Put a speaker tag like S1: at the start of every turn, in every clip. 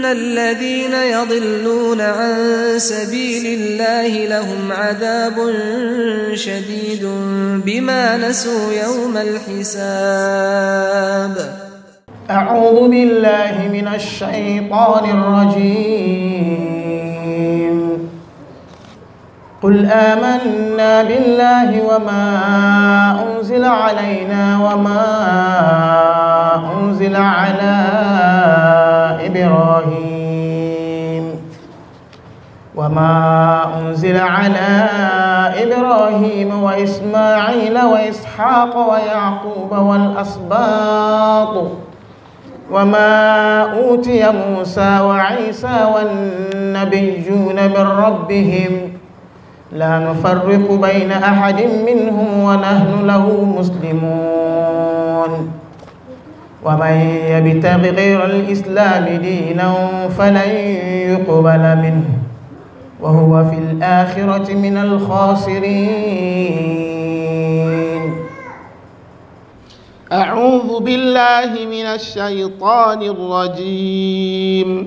S1: إن الذين يضلون عن سبيل الله لهم عذاب شديد بما نسوا يوم الحساب أعوذ بالله من الشيطان الرجيم قل آمنا بالله وما أنزل علينا وما أنزل على أنزل على إبراهيم وإسماعيل وإسحاق ويعقوب والأسباط وما أوتي موسى وعيسى والنبيون من ربهم لا نفرق بين أحد منهم ونحن له مسلمون ومن يبتغ غير الإسلام دينا فلن يقبل منه وهو في الآخرة من الخاسرين
S2: أعوذ بالله من الشيطان الرجيم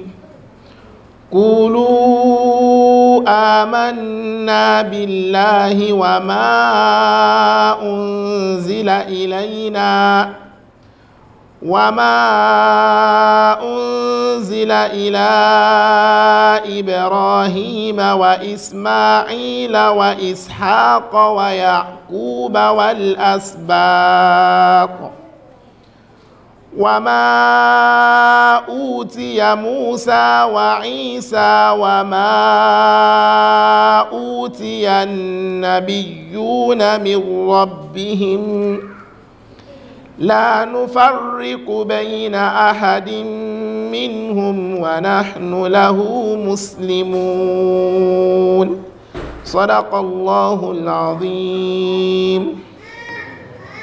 S2: قولوا آمنا بالله وما أنزل إلينا وما أنزل إلى إبراهيم وإسماعيل وإسحاق ويعقوب والأسباط وما أوتي موسى وعيسى وما أوتي النبيون من ربهم لا نفرق بين احد منهم ونحن له مسلمون صدق الله العظيم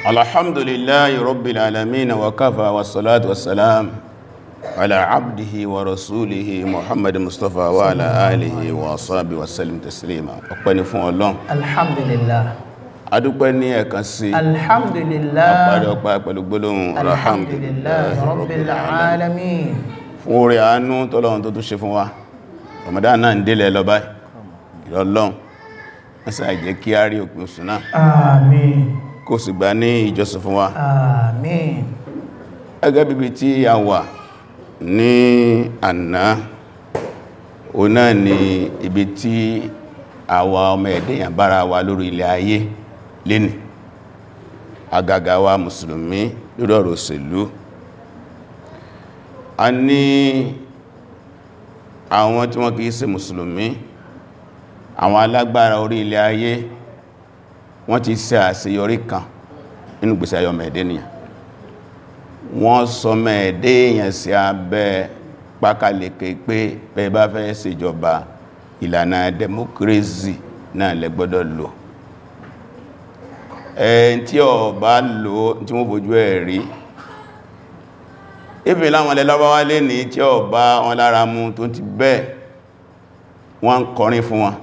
S3: الحمد لله رب العالمين وكفى والصلاة والسلام على عبده ورسوله محمد مصطفى وعلى آله وصحبه وسلم تسليما أقبل فون الله
S2: الحمد لله
S3: adúpẹ́ ní ẹ̀kan sí
S2: alhamdulillah àpàdọ̀pá
S3: pẹ̀lú gbólóhùn alhamdulillah rabbil alamin fún orí àánú tọ́lọ́run tó tún ṣe fún wa Ramadan náà ń délẹ̀ lọ báyìí ìrọlọ́run ẹsà ìjẹ́ kí a rí òpin oṣù náà àmín kò ni ibi tí àwa ọmọ ẹ̀dẹ́yàn bára wa lórí ilẹ̀ ayé lénìí agagawa mùsùlùmí lórí ọ̀rọ̀ òṣèlú a ní àwọn tí wọ́n kìí ṣe mùsùlùmí àwọn alágbára orí ilẹ̀ ayé wọ́n ti ṣe àṣeyọrí kan nínú gbèsè ayọmọ̀ ẹ̀dẹ́ nìyàn wọ́n sọ mẹ́ẹ̀dẹ́ sí abẹ́ pákàlẹ̀kẹ́ pé bẹ́ẹ̀ bá fẹ́ ṣèjọba ìlànà democracy náà lẹ́gbọ́dọ̀ lò ehi tí ọ bá lò tí wọ́n fojú ẹ̀ rí ibi láwọn ilẹ̀ lè ní tí ọ bá wọn lára mú tó ti bẹ́ẹ̀ wọ́n ń kọrin fún wọn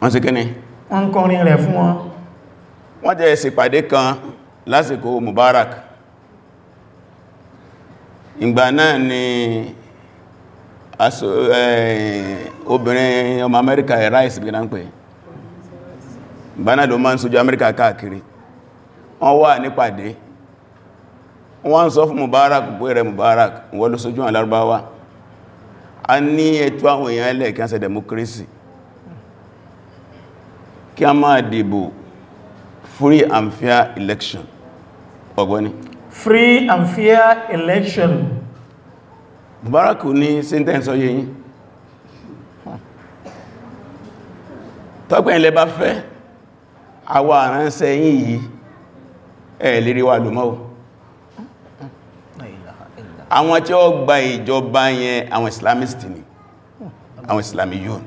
S3: wọ́n sí kíni
S1: wọ́n ń kọrin rẹ̀ fún wọn
S3: wọ́n jẹ́ ìsìpàdé kan lásìkò Mubarak ìgbà náà ni obìnrin ọmọ Amẹ́ríkà rice bí náà pẹ̀lú gbaná ló máa ń sojú amẹ́ríkà káàkiri wọ́n wà nípàdé wọ́n sọ fún mubarak bó rẹ̀ mubarak wọ́n ló sojú alárúbáwá a ní ẹ̀tọ́ àwọn èèyàn ilẹ̀ kí a ṣe democracy kí a máa dìbò free and fair election ọgbọ́ni
S1: free and fair
S3: election mubarak ní sentence ọyẹ́yìn tọ́pẹ̀ ilẹ̀ bá fẹ́ àwa àránṣẹ́ yìí yìí ẹ̀ lérí wà lò mọ́ àwọn tí ó gba ìjọba yẹn àwọn islamist ni àwọn islamiyun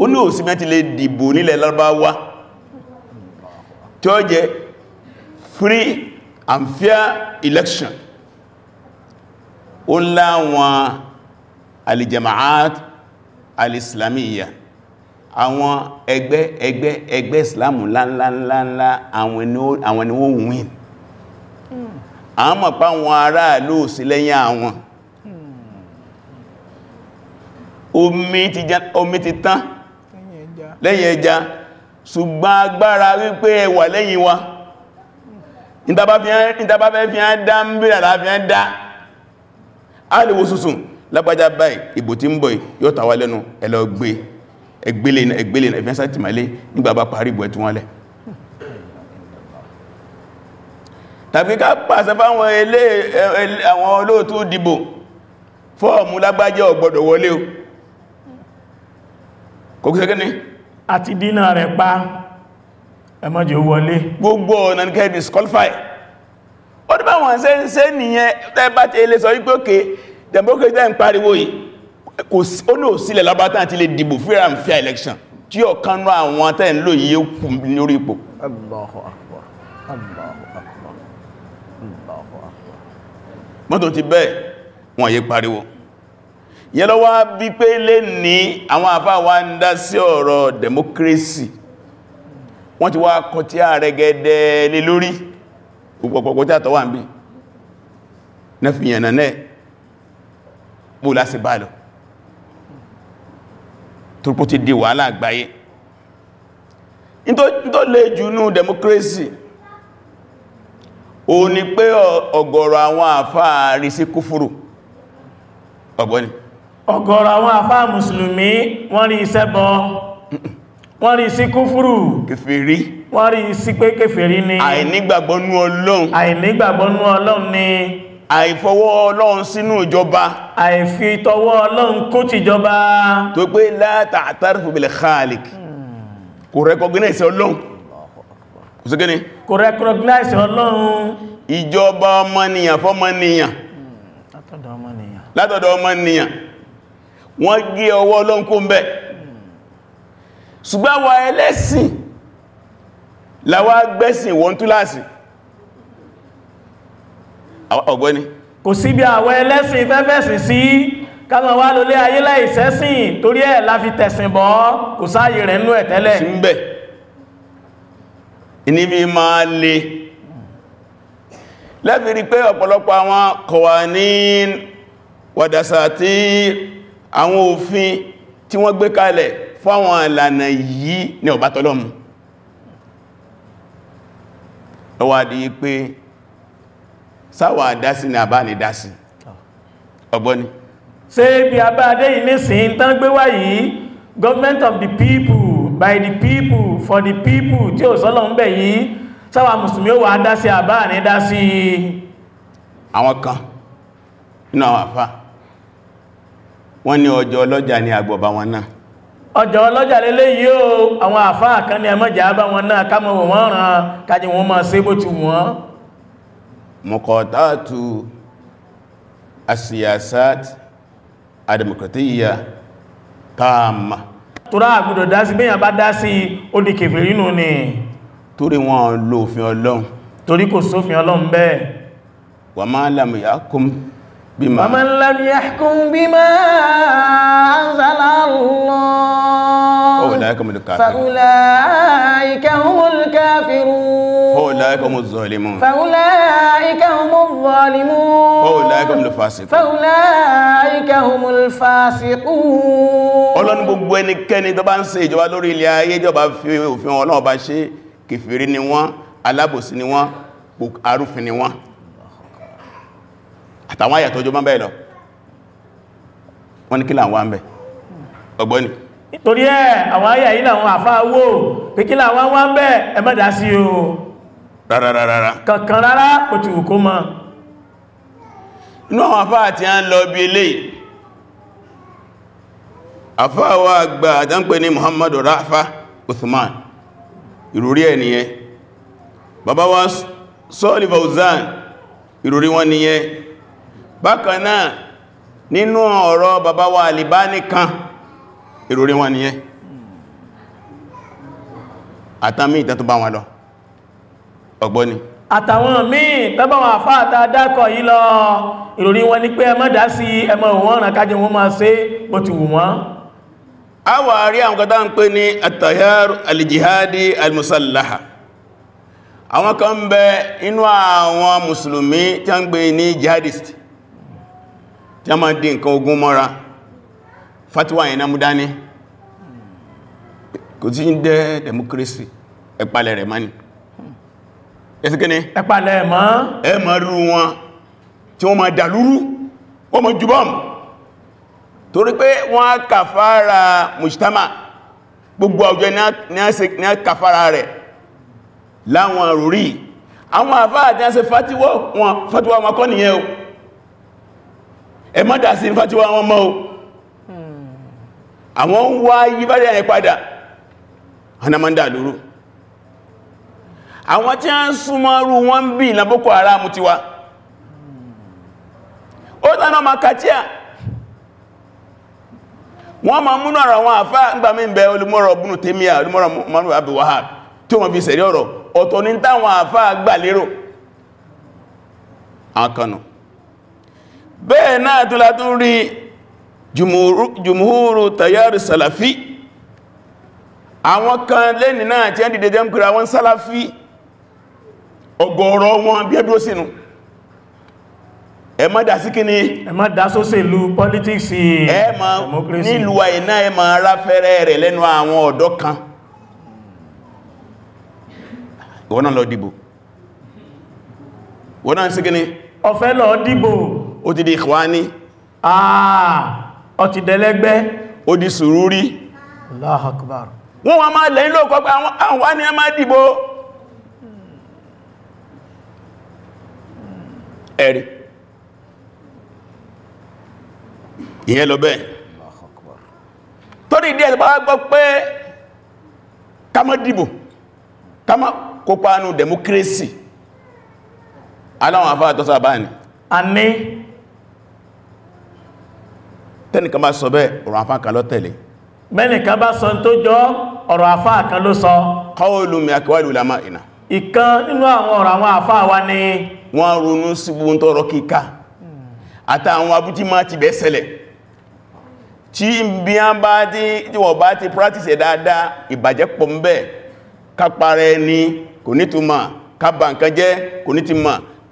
S3: ó ní òsìmẹ́tí lè dìbò nílẹ̀ lárúbáwá tí ó jẹ free and fair election ó láwọn alìjẹ̀máàt alìsìlámíyàn àwọn ẹgbẹ́ ẹgbẹ́ ẹgbẹ́ islamu láńláńláńlá àwọn ni ó win àwọn mọ̀pá wọn aráàlú sí lẹ́yìn àwọn omi ti tán lẹ́yìn ẹja ṣùgbọ́n agbára wípé ẹwà lẹ́yìn wa ìtàbáfẹ́ fi ń dá ń bèèrè àláfí ń dá àríwò sùsùn lápájá báyìí ìbò tí ń bọ̀ yóò tàwà lẹ́nu ẹlọ gbé ẹgbẹ́lẹ̀ ẹgbẹ́lẹ̀ ẹ̀fẹ́sà ti mẹ́lẹ̀ nígbà bá parí ìbò ẹ̀tù wọn lẹ̀ tàbí ká pàṣẹ fáwọn ilé àwọn olóòtú dìbò fọ́ọ̀mù lágbájẹ́ ọ̀gbọ́dọ̀ wọlé o kò kí sẹ́kẹ́ ni àti disqualify ó dí bá wọn ṣe ń ṣe nìyẹn tẹ́ẹ̀bá ti ilé sọ kò sí ó ní òsílẹ̀ lábátá àti lè dìbò fíra ń fi election tí ó kánú àwọn atẹ́ ń lò yíó kù lórí ipò Allahu Akbar Allahu Akbar Allahu Akbar mọ́tò ti bẹ́ẹ̀ wọ́n yé pariwo yẹ lọ wá bí pé lè ní àwọn àfá wa ń dá sí ọ̀rọ̀ democracy wọ́n ti wá kọ tí ààrẹ gẹ́dẹ́ lé lórí púpọ̀pọ̀pọ̀ tí àtọwà ń bí náà fi yànnà náà bó lásì torípò ti di wàhálà àgbáyé tó lè jù ní democracy o ni pé ọ̀gọ̀rọ̀ àwọn àfáà rí sí kúfúrù ọgbọ́ni ọ̀gọ̀rọ̀ àwọn àfáà mùsùlùmí wọ́n rí ìṣẹ́bọ wọ́n rí sí kúfúrù kèfèrí wọ́n rí sí pé kèfèrí ni àìnígbàgbọ́nú ọlọ́run ni àìfọwọ́ ọlọ́run sínú ìjọba àìfi tọwọ́ ọlọ́run kún ti jọba tó pé látàtàrífò bèèrè khalik kò recognize ọlọ́run kò sí gẹ́ni kò recognize ọlọ́run ìjọba ọmọnìyàn fọ́mọnìyàn látọ̀dọ̀ ọmọnìyàn wọ́n gé ọwọ́ ọlọ́run kún bẹ́ ṣùgbọ́n wa ẹlẹ́sìn làwa gbẹ́sìn wọ́n túláàsì ọgbẹ́ni kò sí bí àwọn ẹlẹ́sìn fẹ́fẹ́sìn sí káàmà wá lólé ayé láìsẹ́sìn torí ẹ̀ la fi tẹ̀sìn bọ́ kò sáàyè rẹ̀ nú ẹ̀tẹ́lẹ̀ sí ń bẹ̀ ní mi máa lè lẹ́bí rí pé ọ̀pọ̀lọpọ̀ àwọn kọ̀wà ní wàdàsà tí àwọn òfin tí wọ́n gbé kalẹ̀ fáwọn ìlànà sáwà dásí ni àbá ní dásí ah. ọgbọ́ni ṣe ibi àbá adé ilé sí tán gbé wá yìí government of the people by the people for the people tí ò sọ́lọ̀ ń bẹ̀ yìí sáwà mùsùlùmí ó wà dásí àbá ní dásí àwọn kan nínú àwọn àfá wọ́n ní ọjọ́ ọlọ́jà ní àgbọ̀bá wọn náà ọjọ́ ọlọ́jà lélé yíó àwọn àfá kan ní ẹmọ́jà bá wọn náà ká wọ́n ràn kájí wọn máa ṣe bó ti wọ́n mọ̀kọ̀tàtù asiyasat ademokratiyya taama tura àgbùdọ̀ dásí bẹ́yàn bá dásí ó di kèfèrí nù ní torí wọn lò òfin ọlọ́run torí kò sófin ọlọ́run bẹ́ẹ̀ wà máa lámìyàkùn bima waman
S1: lam yahkum bima anzala Allah faulaika humul kafirun faulaika humul kafirun
S3: faulaika humuz zalimun faulaika
S1: humuz zalimun faulaika humul fasiqun faulaika humul fasiqun
S3: ọlọ́run gbogbo ẹnikẹ́ni tó bá ń ṣe ìjọba lórí ilẹ̀ ayé ìjọba àtàwọn àyà tó jọ mọ́ bẹ́ẹ̀ lọ wọ́n ní kí là ń wá ń bẹ̀ ọgbọ́ni torí ẹ̀ àwọn àyà yìí làwọn àfáà wò pé kí là wá wá ń bẹ̀ ẹ má sí o rárárárá kankan rárá kò ti wù kó mọ́ inú àwọn àfáà tí a ń lọ bí eléyìí àfáà wa àgbà àdánpẹ́ ní Muhammadu Rafa Uthman ìròrí ẹ̀ nìyẹn Baba wa Sọ́ọ̀lì Fauzan ìròrí wọn nìyẹn bákanáà nínú ọ̀rọ̀ bàbá wa Albani kan ìròrí wọn nìyẹn àtàmì ìtẹ́tù bá wọn lọ ọgbọ́ni àtàwọn míì tọ́bọ̀ wọn àfá àtàdákọ̀ yìí lọ ìròrí wọn ní pé ẹ má dá sí ẹmọ òun ràn kájẹ wọn máa ṣe bó ti wù wọ́n a wà rí àwọn kan tán pé ní àtàyàrù alìjìhádì alìmùsàláhà àwọn kan bẹ inú àwọn mùsùlùmí tí a ń gbé ní jihadist tí a máa dí nǹkan ogun mọ́ra fatiwa yẹn náà mú dání kò tí ń dẹ́ democracy ẹ̀pàlẹ̀ rẹ̀ mani ẹ̀sìnkíní ẹ̀pàlẹ̀ ẹ̀mọ́ ẹ̀mọ́ rú wọn tí wọ́n máa dàlúrú wọ́n máa jùbọ́m torí pé wọ́n á kàfàára mujtama gbogbo àwùjọ ní á kàfàára rẹ̀ láwọn àrùrí àwọn àfáà tí a ṣe fatiwa wọn kọ́ nìyẹn o ẹ má dá sí ní fàtíwà wọn mọ́ o àwọn ń wá yí bá rẹ̀ padà hanamanda lóru àwọn tí a ń wọ́n Boko ti wá ó tánà ma wọ́n ma múnú ara wọn àfá gbà mí bẹ olùmọ́rọ̀ búnú tèmíà olùmọ́rọ̀ manu abuwa tí wọ́n fi sẹ̀rí ọ̀rọ̀ bẹ́ẹ̀ náà tó látún rí jùmúhúrù tayari salafi àwọn kan lẹ́ni náà tí ẹn dìde jẹ́ ń wọn salafi ọ̀gọ̀rọ̀ wọn bí ẹdúró ẹ má dá sí kíní ẹ má sóṣèlú ẹ kan lọ Ah, ó ti di ìkwáni àà ó ti dẹ̀lẹ́gbẹ́ ó di sùúrúrí
S1: Allahu Akbar
S3: wọ́n wọ́n máa lẹ́yìn lóòkọ́ pé àwọn wá ní ẹ máa dìbò ẹ̀rí ìyẹn lọ bẹ́ẹ̀ torí díẹ̀ bá gbọ́ pé ká má dìbò ká má kópa nù democracy aláwọn afẹ́ àtọ́sà báyìí tẹ́nìkan bá sọ bẹ́ ọ̀rọ̀ àfá kan ló tẹ̀lé mẹ́nìkan bá sọ tó jọ ọ̀rọ̀ àfá kan ló sọ qawlu min aqwali ulama'ina ìkan nínú àwọn ọ̀rọ̀ àwọn àfá wa ni wọ́n ronú sí gbogbo tọrọ kíká àtàwọn abújí máa ti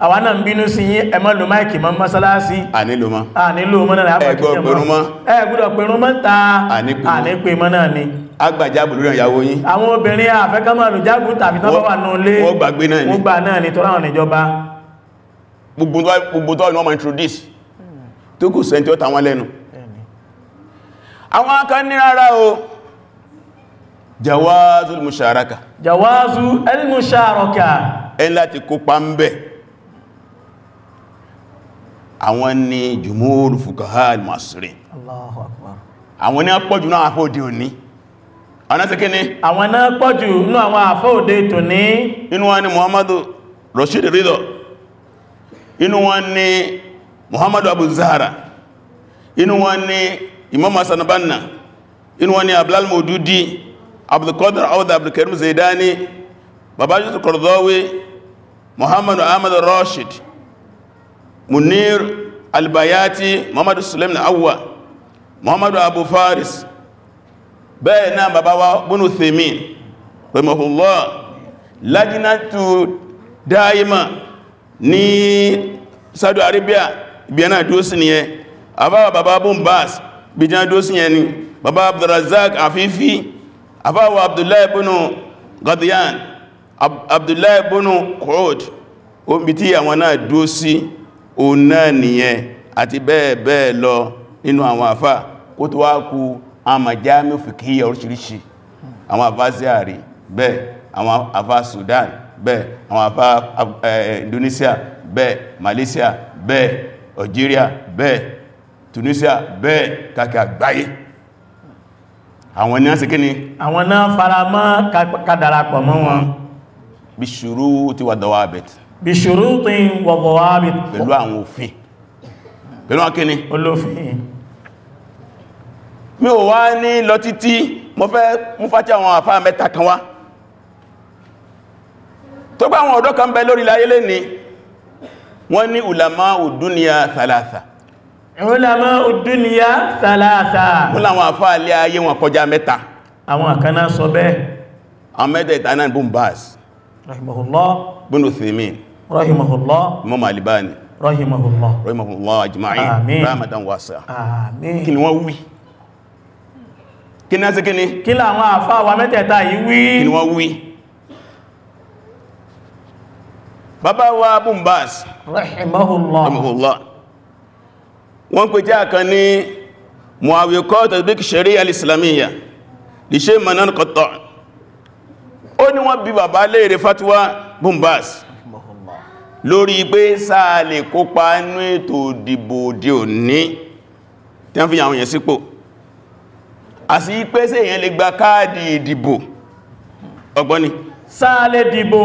S3: àwa náà ń bínú sí yí ẹmọ́ ló máìkì mọ́ mọ́sálásí ànílò mọ́ ànílò mọ́ náà ẹgbọ́ pẹ̀rún mọ́ ẹgbùdọ̀ pẹ̀rún mọ́ ta ànípe mọ́ náà ni agbàjábù lórí ìyàwó yín àwọn obìnrin àfẹ́kọ́mọ̀lù jágùn tàbí tọ́bọ̀ wà náà lé wọ́n gbàgbé náà ni wọ́n gbà náà ni tọ́ra ọ̀nà ìjọba gbogbo tọ́ ni wọ́n ma introduce tó kù sẹ́ntí ọ́ta wọn lẹ́nu àwọn akẹ́ ní rárá o jawazu musharaka jawazu al-musharaka ẹni láti kópa ń bẹ̀ àwọn ni jùmúrù fùkàhà al-masri Allahu Akbar àwọn ní àpọ̀jù náà àfọ́ òde òní àwọn ti kí ni àwọn náà pọ̀jù inú àwọn àfọ́ òde tò ní inú wọn ni muhammadu rashid ridho inú wọn ni muhammadu abu zahra inú wọn ni imam hassan banna inú wọn ni ablal modudi abdulkadir rashid munir albayati muhammadu sulaim na awwa muhammadu abu faris bẹ́ẹ̀ náà bàbá wa bunu themin rahimahullah lajinatu daima ní saudi arabia ibiana dosi ni ẹ àbáwà bàbá bun bas bijan dosi yẹn ni bàbá abdulrazak afifi àbáwà abdullahi bunu gadiyan abdullahi bunu kurod o biti àwọn náà dosi o náà nìyẹn àti bẹ́ẹ̀ bẹ́ẹ̀ lọ nínú àwọn àfá kó tó wá kú àmàjámi fìkíyà oríṣiríṣi àwọn àfá Zaari bẹ́ẹ̀ àwọn àfá Sudan bẹ́ẹ̀ àwọn àfá Indonesia bẹ́ẹ̀ Malaysia bẹ́ẹ̀ Algeria bẹ́ẹ̀ Tunisia bẹ́ẹ̀ kàkà gbáyé àwọn náà sí kíni àwọn náà fara mọ́ kádàrapọ̀ mọ́ wọn bí ṣùrú ti wà dọwà bẹ̀tì bí ṣùrútín wọ̀bọ̀wàbí pẹ̀lú àwọn òfin pẹ̀lú akíní olófin mi ò wá ní lọ títí mo fẹ́ mú fàtí àwọn àfá mẹ́ta kan wá tó bá àwọn ọ̀dọ́ kan bẹ lórí láyé lé ní wọ́n ní ulama òdúnìyà sàlásà ulama òdúnìyà sàlásà mú láwọn àfá alẹ́ ayé wọn kọjá mẹ́ta àwọn àkaná sọ bẹ́ẹ̀ àwọn mẹ́ta ìtànà rahimahullah bùnú thimin rahimahullah imam alibani rahimahullah rahimahullah ajma'in rahmatan wasi'a àmín kí ni wọ́n wí kí náà sí kí ni kí láwọn àfáà wa mẹ́tẹ̀ẹ̀ta yìí wí kí ni wọ́n wí bàbá wa bumbas rahimahullah rahimahullah wọ́n pè jẹ́ àkan ní muawiyakọ́ tatbiq sharia al-islamiyya lè manan kọ̀tọ̀ ó ní wọ́n bi bàbá léèrè fatuwa bumbas lórí pé sáà lè kópa inú ètò ìdìbò òde òní tí wọ́n fi àwọn èèyàn sípò àti pé sí èèyàn lè gba káàdì ìdìbò ọgbọ́n ni sáà lè dìbò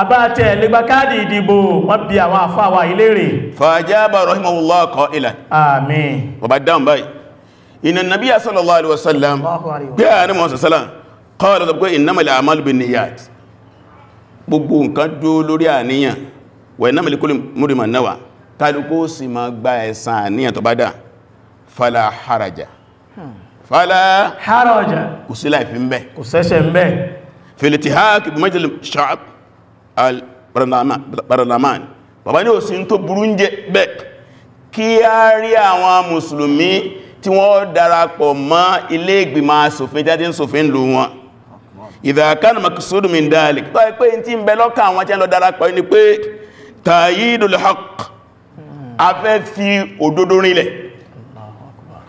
S3: àbáàtẹ̀ lè gba káàdì ìdìbò wọ́n bí àwọn àfáwà ìlérè fàájábà rahimahullah qailan àmín bàbá dáhùn báyìí inna wẹ̀nà mẹ́lẹ̀kúlù múrìmà náwà tàbíkó sì ma gba ẹ̀san àníyàn tó bá dá fàlà haraja hmm. fàlà haraja kò sí láìfí ń bẹ́ kò sẹ́ṣẹ̀ ń fìlìtì ha kì mẹ́jìlì sha'ab al-barlaman bàbá ní òsì tó burú ń jẹ bẹ́ kí a rí àwọn mùsùlùmí tí wọ́n darapọ̀ mọ́ ilé ìgbìmọ̀ asòfin jáde ń sòfin lò wọn ìdàkánà makisudu min dalik tó ẹ pé tí ń bẹ lọ́kàn àwọn tí ń lọ darapọ̀ ní pé tàyídùl haqq afẹ́ fi òdodo rinlẹ̀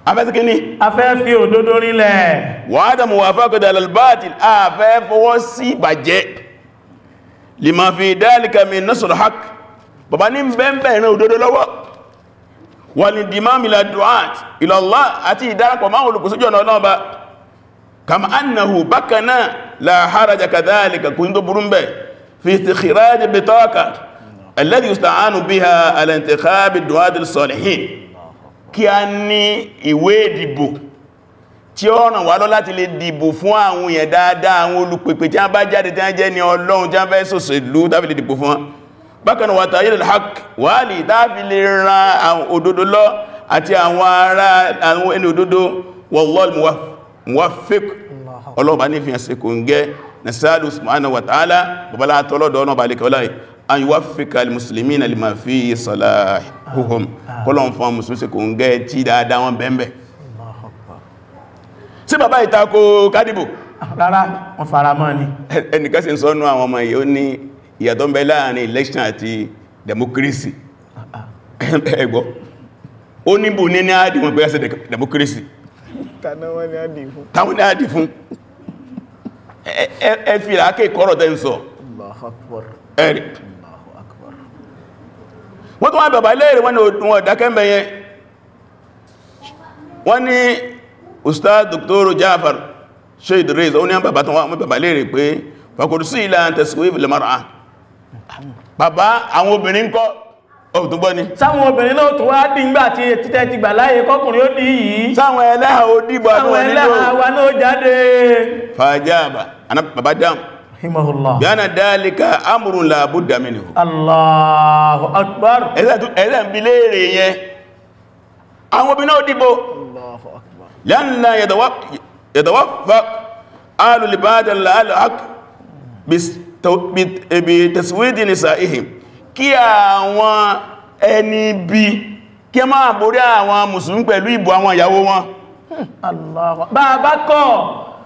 S3: afẹ́ sí kíní afẹ́ fi òdodo rinlẹ̀ wàádà muwafaqat al-batil afẹ́ fọwọ́ sí ìbàjẹ́ lima fi dhalika min nasr haqq bàbá ní bẹ́ẹ̀bẹ̀ ìran òdodo lọ́wọ́ wà ní dìmáàmìlà du'at ila Allah àti ìdárapọ̀ máa olùkùsójú alladhi yusta'anu biha ala intikhabi du'at as-salihin kí a ní ìwé ìdìbò tí ó ràn wá lọ láti lè dìbò fún àwọn èèyàn dáadáa àwọn olùpèpè tí a bá jáde tí a jẹ́ ní ọlọ́run tí a fẹ́ sòṣèlú tàbí lè dìbò fún wọn bákan wà tàyí al-haq wà lè tàbí lè ran àwọn òdodo lọ àti àwọn ará àwọn ẹni òdodo wallahul muwaffiq ọlọ́ọ̀bá ní fi hàn sí kò ń gẹ́ nasalu subhanahu wa ta'ala babalá tọ́lọ́dọ̀ ọ̀nà balẹ̀kọ́láì an yuwaffika almuslimina lima fi salahuhum ah. kọlọ̀n fún musulmi sí kò ń gẹ́ tí dáadáa wọn bẹ̀m̀bẹ̀ sí bàbá ìtakò kádìbò rárá wọn fara mọ́ ni ẹnìkan sí sọ́nú àwọn ọmọ yìí ó ní ìyàtọ̀ ń bẹ láàrin election àti democracy ah. ẹgbọ́ ó níbò ní ní àdì wọn pẹ́yàsẹ̀ democracy táwọn ní àdì fún ẹ fi làákè kọ́rọ̀ tẹ́ ń sọ ẹ̀rì wọ́n tó wá bàbá léèrè wọ́n ni wọ́n dákẹ́mẹ̀ yẹn wọ́n ni ustaz Dr. Jafar shade Idris ó ní bàbá tó wọ́n bàbá léèrè pé fàkùrùsí ilá tẹ̀síwé fil mar'a bàbá àwọn obìnrin kọ́ ọ̀túngbọ́ ni sáwọn obìnrin náà tó wá dìngbà tí ti gbà láyé kọkùnrin ó dì yìí sáwọn ẹlẹ́hà ó dìbò àwọn ẹlẹ́hà wa náà jáde fàájáàbà rahimahullah bíana dálíkà amrun la budda minhu Allahu akbar ẹ̀lẹ́ ń bí léèrè yẹn àwọn obìnrin ó dìbò Allahu akbar lẹ́nà yàtọ̀wọ́ alùlìbádàn láàlùhak bí tẹ̀síwédì ní sàíhìm kí àwọn ẹni bí kí máa borí àwọn mùsùlùmí pẹ̀lú ìbò àwọn ìyàwó wọn Allahu bàbá kọ́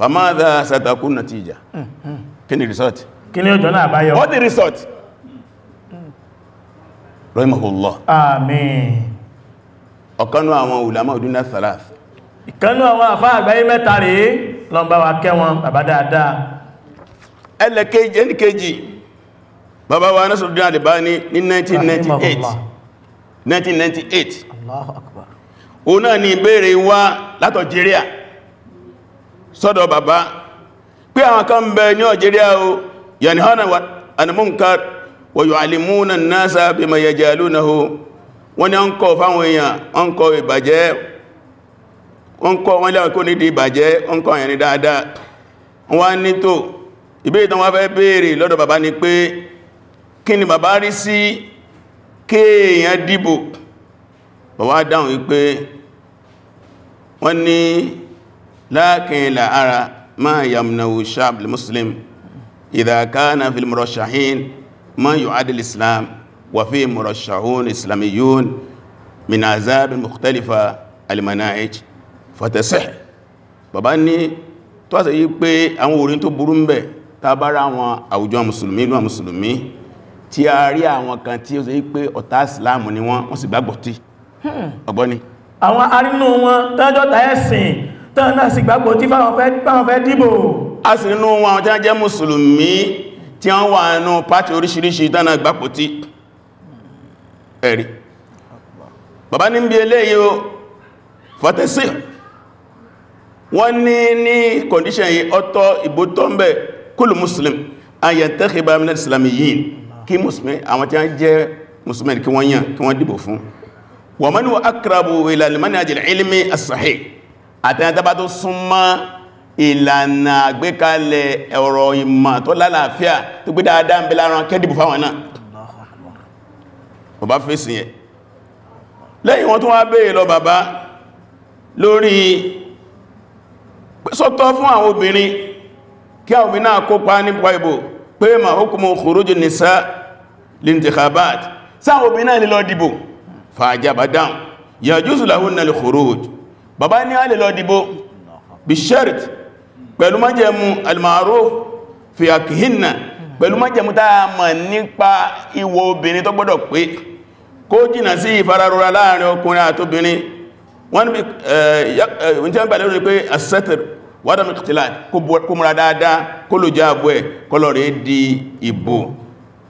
S3: famáàdá sàtàkùn nàtíjà kí ni resort kí ni ọjọ́ náà báyọ̀ what the resort rahimahullah amen ọ̀kanú àwọn ulama òdúnlá salaf ìkanú àwọn àfá àgbáyé mẹ́ta rí lọ bá wa kẹwọn bàbá dáadáa 1998 1998 Allahu akbar òun náà ni ìbéèrè wá sọ́dọ̀ bàbá pé àwọn kan bẹ ní Algeria o yanihana al-munkar wa yu'allimuna an-nasa bima yajalunahu wọ́n ni ọkọ̀ fáwọn èèyàn ọkọ̀ ìbàjẹ́ ọkọ̀ wọn lẹ́ọ̀kọ́ nídi ìbàjẹ́ ọkọ̀ yẹn ni dáadáa wọ́n ní tó ìbéèrè tán wá fẹ́ béèrè lọ́dọ̀ ni لكن لا أرى ما يمنع الشعب المسلم إذا كان في المرشحين ما يعد الإسلام وفي مرشحون إسلاميون من عذاب مختلفة المناهج فتصح bàbá ní tó wá sẹ́yí pé àwọn orin tó burú ń bẹ tá bá ra àwọn àwùjọ mùsùlùmí inú mùsùlùmí tí a rí àwọn kan tí ó sẹ́yí pé ọ̀tá ìsìláàmù ni wọ́n wọ́n sì gbàgbọ́ tí hmm. ọgbọ́ni àwọn arínú wọn tọ́jọ́ tàẹ́sìn tán náà sì gbàgbọ́ tí fáwọn fẹ́ dìbò a sì nínú àwọn tí wọ́n jẹ́ mùsùlùmí tí wọ́n wà nínú pàtí oríṣiríṣi tánà gbàpò tí ẹ̀rí bàbá ní bí eléyìí o fọ́tẹ̀sí wọ́n ní ní kọ̀díṣẹ̀ yìí ọ̀tọ̀ ìbò tó ń bẹ kúlù mùsùlùm ayẹ̀ntẹ́kìbá mílẹ̀ ìsìlámi yìí kí mùsùlùmí àwọn tí wọ́n jẹ́ mùsùlùmí kí wọ́n yàn kí wọ́n dìbò fún wọ́n mọ́nú akrabu ìlàlìmọ́ni àjẹ̀lẹ̀ ilmi as àtẹ́yàntàbá tó súnmọ́ ìlànà àgbékalẹ̀ ọ̀rọ̀ ìmọ̀ tó lálàáfíà tó gbé dáadáa ń bẹ láran kẹ́dìbò fáwọn náà bàbá fèsì yẹn lẹ́yìn wọn tó wá bèèrè lọ bàbá lórí sọ́tọ́ fún àwọn obìnrin kí àwọn obìnrin náà kópa nípa ìbò pé ma hukumu khuruju nisa lintikhabat sáwọn obìnrin náà lè lọ dìbò fàájábà dáhùn yajuzu lahunna bàbá ní a lè lọ dìbò bí sharit pẹ̀lú májẹ̀mú al-ma'ruf fi àkìhìnà pẹ̀lú májẹ̀mú táa mọ̀ nípa ìwọ obìnrin tó gbọ́dọ̀ pé kó jìnà sí ìfararora láàrin ọkùnrin àtobìnrin wọ́n ní tí eh, eh, wọ́n pẹ̀lú pé asẹ́tẹ̀rẹ̀ wádà mẹ́kàtílá kó múra dáadáa kó ló já àbú ẹ̀ kọ́lọ̀ rẹ̀ di ìbò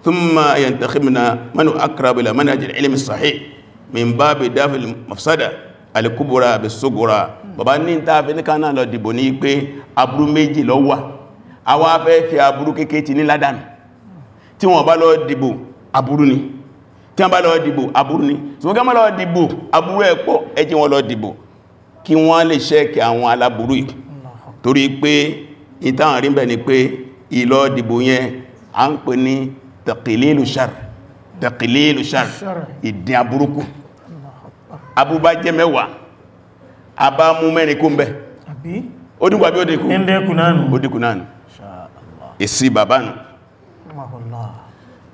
S3: thumma yantakhimna manu akrabila manhaj al-ilm as-sahih min babi dafil mafsada alikubura àbí sógora bàbá ní tààfẹ́ ní kanáà lọ dìbò ní pé aburú méjì lọ wà àwa fẹ́ fi aburú kéèké ti ní ládànù tí wọ́n bá lọ dìbò aburú ni tí wọ́n bá lọ dìbò aburú ni tí wọ́n gá lọ dìbò aburú ẹ̀ pọ̀ ẹ jẹ́ wọn lọ dìbò kí wọ́n lè ṣẹ́ẹ̀kì àwọn aláburú yìí torí pé ìtàn rí bẹ̀ ni pé ìlọ dìbò yẹn à ń pè ní taqlilu shar taqlilu shar ìdín aburúkú abúbá jẹ́ mẹ́wàá àbá mú mẹ́rin kó ń bẹ́ ó dínkù àbí ó dínkù ó dínkù náà nù èsì bàbá nù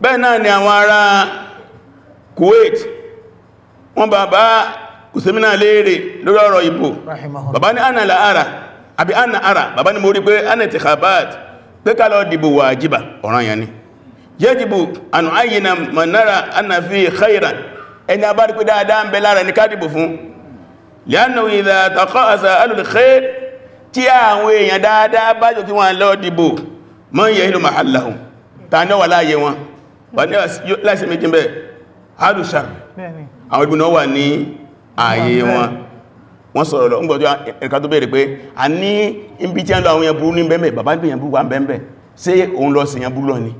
S3: bẹ́ẹ̀ náà ni àwọn ará Kuwait wọ́n bàbá kùsùmínà léèrè lórí ọ̀rọ̀ ìbò bàbá ní ana la ara àbí ana ara bàbá ní mo rí pé ana ti khabat pé ká lọ dìbò wà jíba ọ̀ranyàn ni yẹ́ dìbò ànù ayyina manara ana fi khairan ẹni a bá rí pé dáadáa ń bẹ lára ní kádìbò fún lẹ́nà ìdá àtàkọ́ àṣà alùlùkẹ́ tí àwọn èèyàn dáadáa bá jọ kí wọ́n lọ dìbò mọ́ yẹ ìlú mahallahun ta ní wà láàyè wọn wà ní láìsí méjì bẹ́ẹ̀ alùsàr àwọn ìbùnà wà ní ààyè wọn wọ́n sọ̀rọ̀ lọ ńgbọ̀jọ́ ẹ̀ka tó bèèrè pé a ní ibi òun lọ sí yẹn burú lọ ni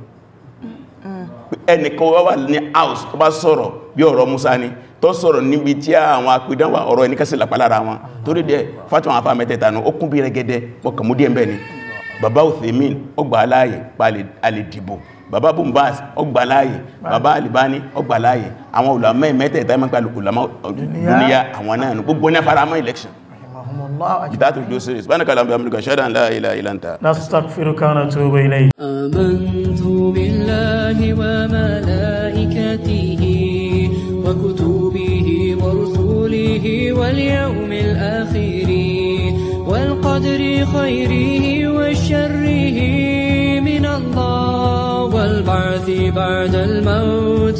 S3: ẹnìkan wá wà ní house tó bá sọ̀rọ̀ bí ọ̀rọ̀ Musa ni tó sọ̀rọ̀ níbi tí àwọn apidán wà ọ̀rọ̀ ẹnikẹ́sì làpálára wọn tó rí dẹ fátún àwọn afámẹ́tẹ̀ta nù ó kún bí rẹ̀gẹ́dẹ́ mọ̀kànmú díẹ̀ bẹ́ẹ̀ ni Alibani ó gbà láàyè àwọn olùmọ̀ mẹ́tẹ̀ẹ̀ta mẹ́pàá olùmọ̀ dúníyà àwọn náà gbogbo ní afárámọ́ election رحمهم الله أجمعين بداية الجسر سبحانك اللهم وبحمدك أشهد أن لا إله إلا أنت نستغفرك
S1: ونتوب إليه آمنت بالله وملائكته وكتبه ورسوله واليوم الآخر والقدر خيره وشره من الله والبعث بعد الموت